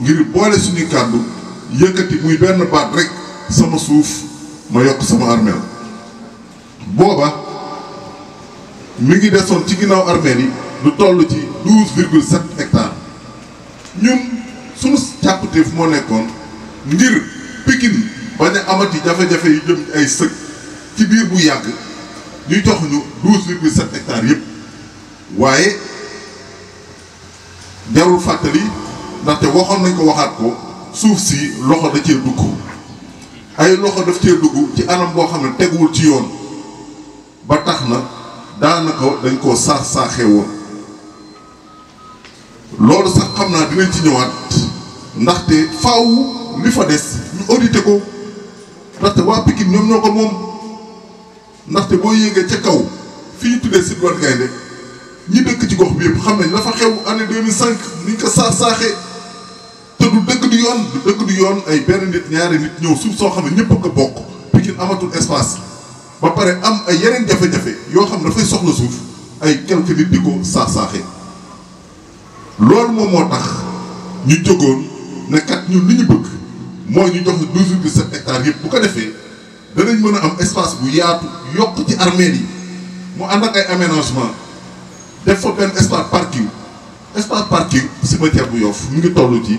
ngir boole suñu kàddu yëkkati muy benn baat rekk sama suuf ma yokk sama armeel booba mu ngi desoon ci ginnaaw armeel yi lu toll ci douze virgule sept hectares ñun suñu càppateef moo nekkoon ngir Pikine bañ a amati jafe-jafe yu jëm ay sëg ci biir bu yàgg ñuy jox ñu douze virgule hectares yëpp waaye jarul fàttali ndaxte waxoon nañ ko waxaat ko suuf si loxo da cee dugg ay loxo def cee dugg ci anam boo xam ne teguwul ci yoon ba tax na daanaka dañ koo saax saaxee woon loolu sax xam naa dinañ ci ñëwaat ndaxte faaw li fa des ñu audité ko ndaxte waa Pikine ñoom ñoo ko moom ndaxte boo yéegee ca kaw fii ñu tuddee Sidy Wane Gaynde ñi dëkk ci gox bi yëpp xam nañ la fa xew année 2005 ni ñu ko saax saaxee du dëgg du yoon du dëgg yoon ay benn nit ñaari nit ñëw suuf soo xam ne ñëpp a ko bokk Pikine amatul espace ba pare am ay yeneen jafe-jafe yoo xam ne dafay soxla suuf ay quelque nit di ko saax-saaxee loolu moom moo tax ñu jógoon ne ñu ñun li ñu bëgg mooy ñu jox douze virgule sept hectares yëpp bu ko defee danañ mën a am espace bu yaatu yokk ci armeel yi mu ànd ak ay aménagement def fa benn espace parking espace parking cimetière bu Yoff mu ngi tollu ci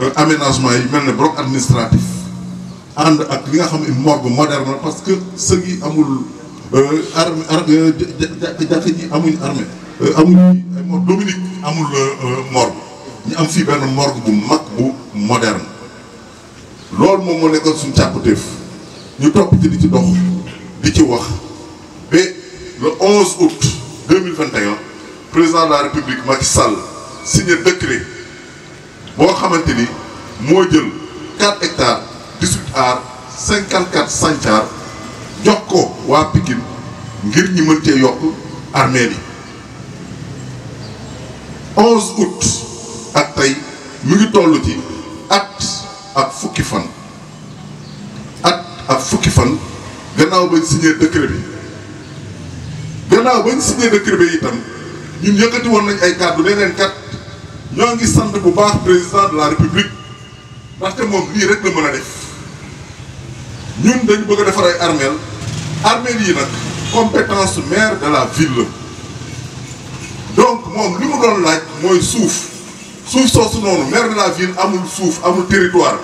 Euh, aménagement yi mel ne bloc administratif ànd ak li nga xam morgue moderne parce que ceux qui amul euh, armée euh, jàkk ji amuñ armée amuñ Dominique amul morgue ñu am fii benn morgue bu mag bu moderne loolu moom moo nekkoon suñu càppatéef ñu topp ci di ci dox di ci wax ba le 11 août 2021 président de la république Macky Sall signé décret boo xamante ni moo jël 4 hectares 18 ar 54 sancaar jox ko waa Pikine ngir ñi mën cee yokk armée yi 11 ak tey mu ngi toll ci at ak fukki fan at ak fukki fan gannaaw ba signé décret bi gannaaw bañ signé décret bi itam ñun yëkkati woon nañ ay kàddu leneen kat Nous sommes le président de la république parce que nous rek la mën nous. def ñun dañu bëgg a defar yi compétence maire de la ville donc nous li mu doon laaj mooy suuf souf, maire de la ville amul suuf amul territoire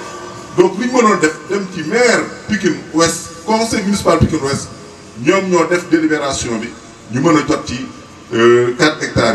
donc nous avons mënoon def dem ci maire Pikine Ouest conseil municipal Pikine Ouest nous ñoo def délibération bi ñu mën 4 euh, hectares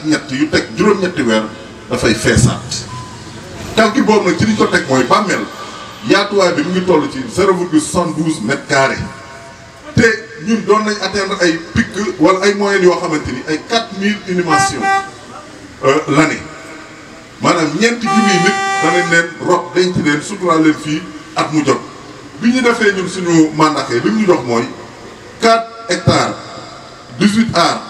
ak ñett yu teg juróom-ñetti weer dafay feesaat calcul boobu nag ci li ñu ko teg mooy bàmmeel yaatuwaay bi mu ngi toll ci zéro virgule soixante-douze mètre carré te ñun doon nañ atteindre ay pic wala ay moyennes yoo xamante ni ay quatre mille inhumations euh, l'année maanaam ñeenti junniy nit danañ leen rob denc leen suturaal leen fii at mu jot bi ñu defee ñun suñu mandaxee li mu ñu jox mooy quatre hectares dix-huit ar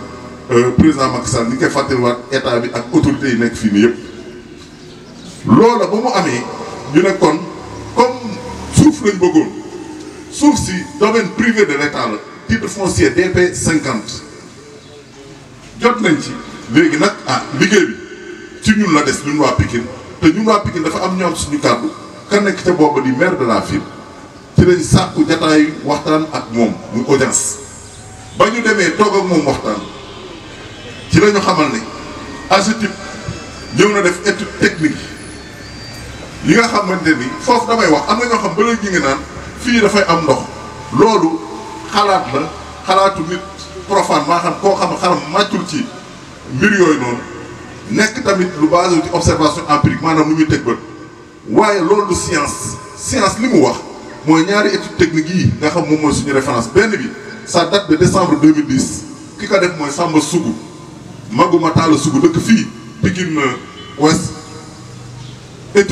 Euh, président Macky Sall ni koy fàttaliwaat état bi ak autorité yi nekk fii nii yëpp loola ba mu amee ñu nekkoon kon comme suuf lañ bëggoon suuf si domaine privé de l'état la de foncier DP cinquante jot nañ ci léegi nag ah liggéey bi ci ñun la des ñun waa Pikine te ñun waa Pikine dafa am ñoom suñu kàddu kan nekk ca booba di maire de la ville ci lañ sàkku jataayu waxtaan ak moom mu audience ba ñu demee toog ak moom waxtaan ci lañu ñu xamal ne AGETIP ñëw na def étude technique yi nga xamante ni foofu damay wax am na ñoo xam ba léegi ñu naan fii dafay am ndox loolu xalaat la xalaatu nit profane maa xam koo xam xaram màccul ci mbir yooyu noonu nekk tamit lu base ci observation empirique maanaam lu ñuy teg bët waaye loolu science science li mu wax mooy ñaari étude technique yi nga xam moom mooy suñu référence benn bi sa date de décembre 2010 ki ko def mooy Samba Sougou maguma taal sugu dëkk fii Pikine Ouest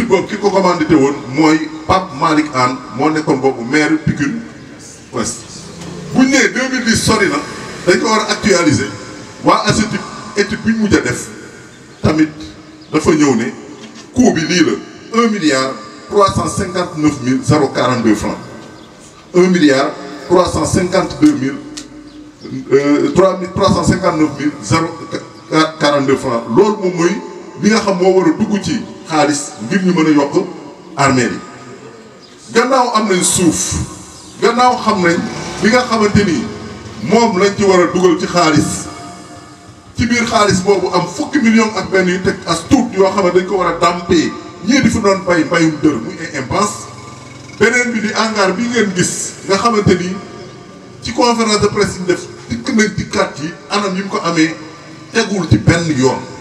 boobu ki ko commandité woon mooy Pape Malick Anne moo nekkoon boobu maire Pikine Ouest nee 2010 na dañ ko war actualiser waa AGETIP étude bi ñu mujj a def tamit dafa ñëw ne coût lii la 1 milliard 359 mille 042 francs 1 milliard 352 mille 3 euh, 359 mille 0. 42 francs loolu moom mooy bi nga xam moo war a dugg ci xaalis ngir ñu mën a yokk armeel yi gannaaw am nañ suuf gannaaw xam nañ bi nga xamante ni moom lañ ci war a dugal ci xaalis ci biir xaalis boobu am fukki million ak benn yu teg as tuut yoo xam ne dañ ko war a dàmpee ñii di fa doon bay mbayum dër muy ay beneen bi di hangar bi ngeen gis nga xamante ni ci conférence de presse yi ñu def dikk nañ dikkaat yi anam yi mu ko amee tegul ci benn yoon